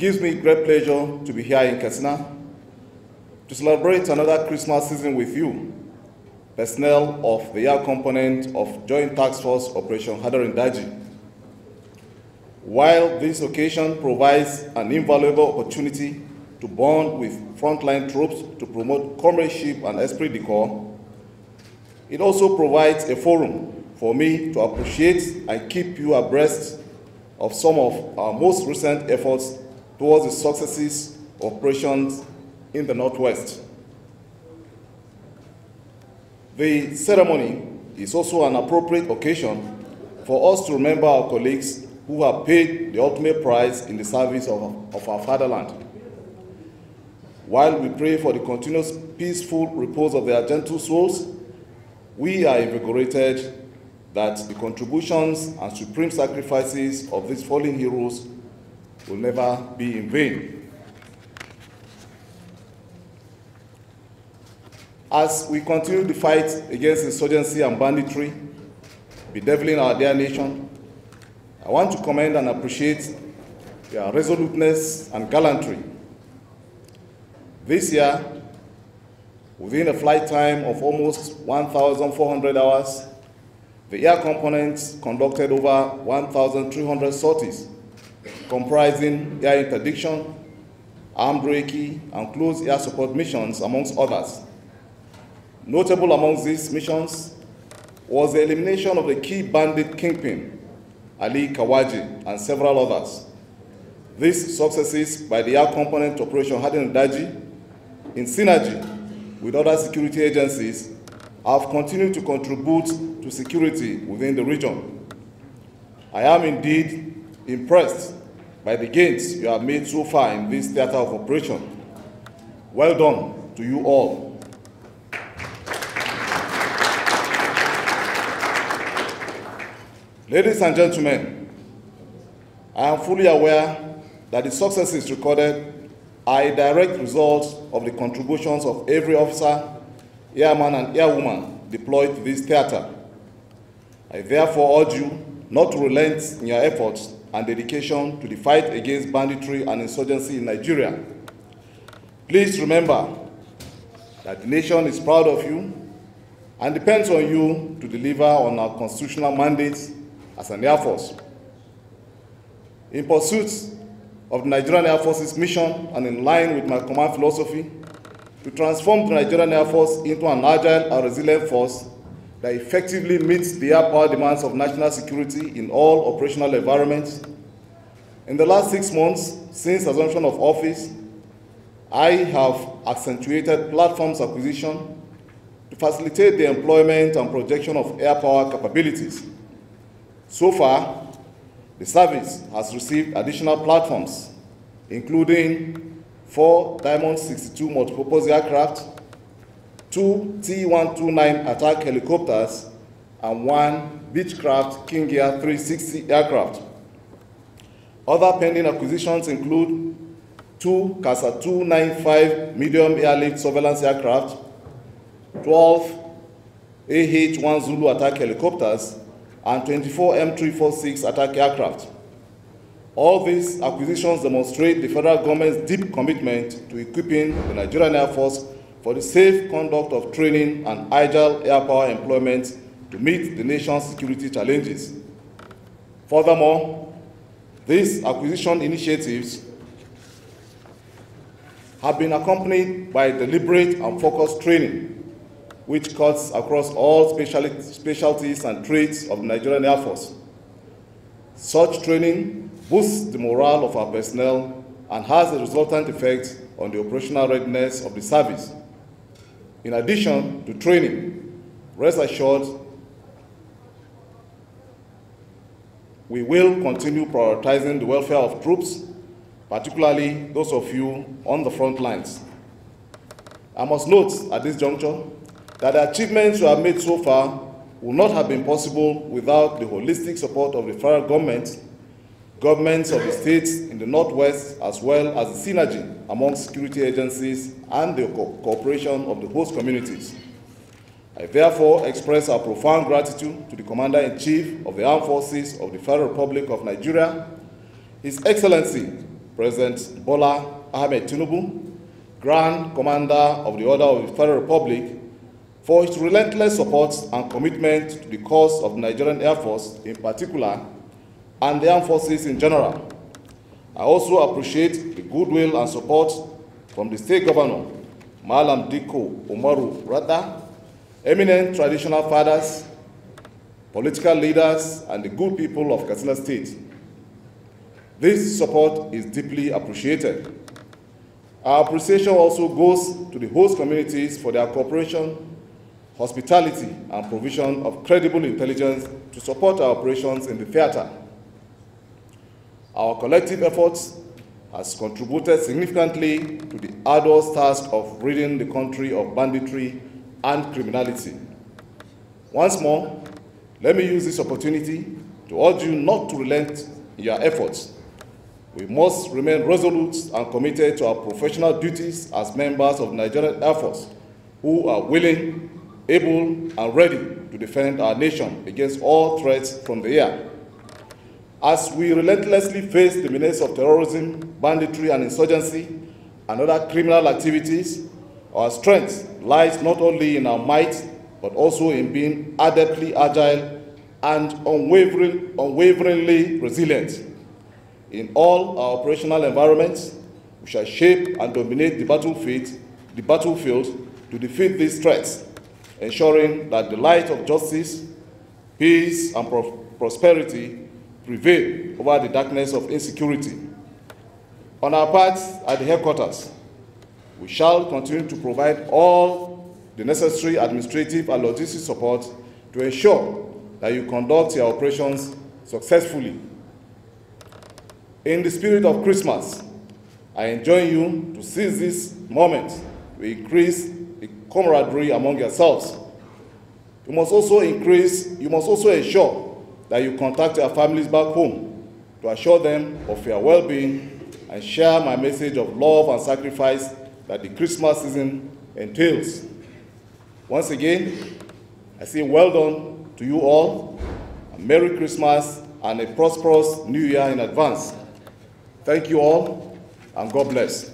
gives me great pleasure to be here in Katsina to celebrate another Christmas season with you, personnel of the air component of Joint Task Force Operation Hadarin Daji. While this occasion provides an invaluable opportunity to bond with frontline troops to promote comradeship and esprit de corps, it also provides a forum for me to appreciate and keep you abreast of some of our most recent efforts towards the successes operations in the Northwest. The ceremony is also an appropriate occasion for us to remember our colleagues who have paid the ultimate price in the service of, of our fatherland. While we pray for the continuous peaceful repose of their gentle souls, we are invigorated that the contributions and supreme sacrifices of these fallen heroes will never be in vain. As we continue the fight against insurgency and banditry, bedeviling our dear nation, I want to commend and appreciate your resoluteness and gallantry. This year, within a flight time of almost 1,400 hours, the air components conducted over 1,300 sorties comprising air interdiction, armed reiki, and close air support missions, amongst others. Notable among these missions was the elimination of the key bandit kingpin, Ali Kawaji, and several others. These successes by the air component Operation Harden Daji, in synergy with other security agencies, have continued to contribute to security within the region. I am indeed impressed by the gains you have made so far in this theater of operation. Well done to you all. Ladies and gentlemen, I am fully aware that the successes recorded are a direct result of the contributions of every officer, airman, and airwoman deployed to this theater. I therefore urge you not to relent in your efforts and dedication to the fight against banditry and insurgency in Nigeria. Please remember that the nation is proud of you and depends on you to deliver on our constitutional mandates as an Air Force. In pursuit of the Nigerian Air Force's mission and in line with my command philosophy, to transform the Nigerian Air Force into an agile and resilient force that effectively meets the air power demands of national security in all operational environments. In the last six months since assumption of office, I have accentuated platforms acquisition to facilitate the employment and projection of air power capabilities. So far, the service has received additional platforms, including four Diamond 62 multipurpose aircraft, two T-129 attack helicopters, and one Beechcraft King Air 360 aircraft. Other pending acquisitions include two CASA 295 medium airlift surveillance aircraft, 12 AH-1 Zulu attack helicopters, and 24 M346 attack aircraft. All these acquisitions demonstrate the federal government's deep commitment to equipping the Nigerian Air Force for the safe conduct of training and agile air power employment to meet the nation's security challenges. Furthermore, these acquisition initiatives have been accompanied by deliberate and focused training, which cuts across all specialties and trades of the Nigerian Air Force. Such training boosts the morale of our personnel and has a resultant effect on the operational readiness of the service. In addition to training, rest assured, we will continue prioritizing the welfare of troops, particularly those of you on the front lines. I must note at this juncture that the achievements we have made so far would not have been possible without the holistic support of the federal government governments of the states in the Northwest, as well as the synergy among security agencies and the co cooperation of the host communities. I therefore express our profound gratitude to the Commander-in-Chief of the Armed Forces of the Federal Republic of Nigeria, His Excellency President Bola Ahmed Tinubu, Grand Commander of the Order of the Federal Republic, for his relentless support and commitment to the cause of the Nigerian Air Force in particular and the armed forces in general. I also appreciate the goodwill and support from the state governor, Malam Diko Umaru Rata, eminent traditional fathers, political leaders, and the good people of Katsina State. This support is deeply appreciated. Our appreciation also goes to the host communities for their cooperation, hospitality, and provision of credible intelligence to support our operations in the theatre. Our collective efforts has contributed significantly to the arduous task of ridding the country of banditry and criminality. Once more, let me use this opportunity to urge you not to relent in your efforts. We must remain resolute and committed to our professional duties as members of Nigerian Air Force who are willing, able, and ready to defend our nation against all threats from the air As we relentlessly face the menace of terrorism, banditry, and insurgency, and other criminal activities, our strength lies not only in our might, but also in being adeptly agile and unwavering, unwaveringly resilient. In all our operational environments, we shall shape and dominate the battlefield, the battlefield to defeat these threats, ensuring that the light of justice, peace, and pro prosperity prevail over the darkness of insecurity. On our part at the headquarters, we shall continue to provide all the necessary administrative and logistic support to ensure that you conduct your operations successfully. In the spirit of Christmas, I enjoin you to seize this moment to increase the camaraderie among yourselves. You must also increase, you must also ensure that you contact your families back home to assure them of your well being and share my message of love and sacrifice that the Christmas season entails. Once again, I say well done to you all, Merry Christmas and a prosperous New Year in advance. Thank you all, and God bless.